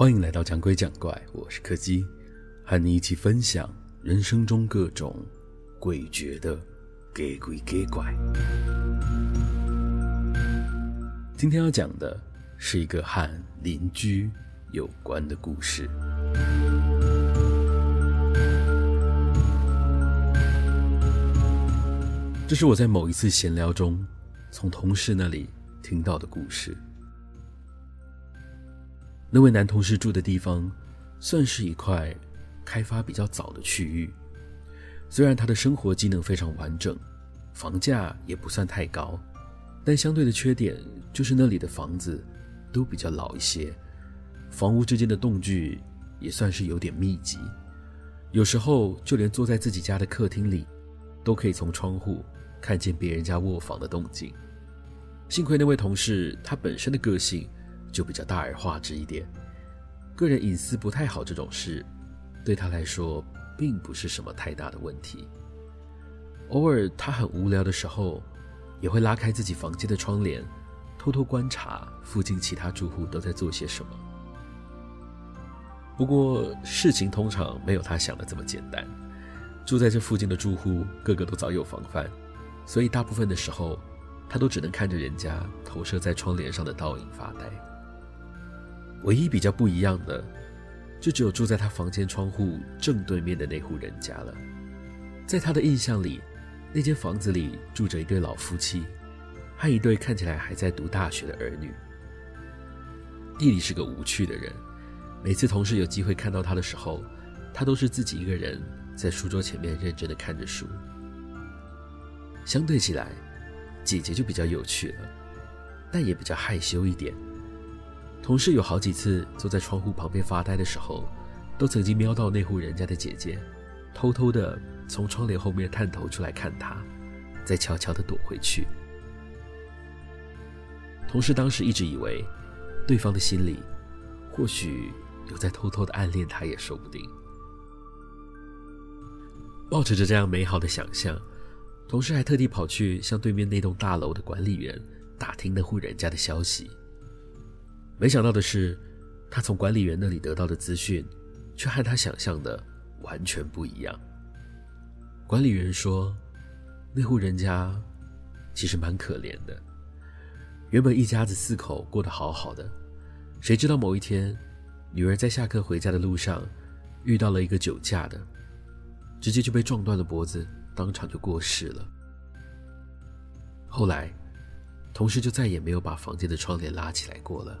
歡迎來到講鬼講怪，我是柯基，和你一起分享人生中各種詭譎的各鬼各怪。今天要講的是一個和鄰居有關的故事。這是我在某一次閒聊中，從同事那裡聽到的故事。那位男同事住的地方，算是一塊開發比較早的區域。雖然他的生活機能非常完整，房價也不算太高，但相對的缺點就是那裡的房子都比較老一些，房屋之間的棟距也算是有點密集。有時候就連坐在自己家的客廳裡，都可以從窗戶看見別人家臥房的動靜。幸虧那位同事他本身的個性。就比較大而化之一點，個人隱私不太好這種事，對他來說並不是什麼太大的問題。偶爾他很無聊的時候，也會拉開自己房間的窗簾，偷偷觀察附近其他住戶都在做些什麼。不過事情通常沒有他想的這麼簡單，住在這附近的住戶個個都早有防範，所以大部分的時候，他都只能看着人家投射在窗簾上的倒影發呆。唯一比較不一樣的，就只有住在他房間窗戶正對面的那戶人家了。在他的印象裡，那間房子裡住着一對老夫妻，和一對看起來還在讀大學的兒女。弟弟是個無趣的人，每次同事有機會看到他的時候，他都是自己一個人在書桌前面認真的看着書。相對起來，姐姐就比較有趣了，但也比較害羞一點。同事有好幾次坐在窗戶旁邊發呆的時候，都曾經瞄到那戶人家的姐姐，偷偷的從窗簾後面探頭出來看她，再悄悄的躲回去。同事當時一直以為，對方的心裡或許有在偷偷的暗戀她也說不定。抱持著這樣美好的想象，同事還特地跑去向對面那棟大樓的管理員打聽那戶人家的消息。沒想到的是，他從管理員那裡得到的資訊，卻和他想象的完全不一樣。管理員說，那戶人家其實蠻可憐的，原本一家子四口過得好好的，誰知道某一天，女兒在下課回家的路上遇到了一個酒駕的，直接就被撞斷了脖子，當場就過世了。後來，同事就再也沒有把房間的窗簾拉起來過了。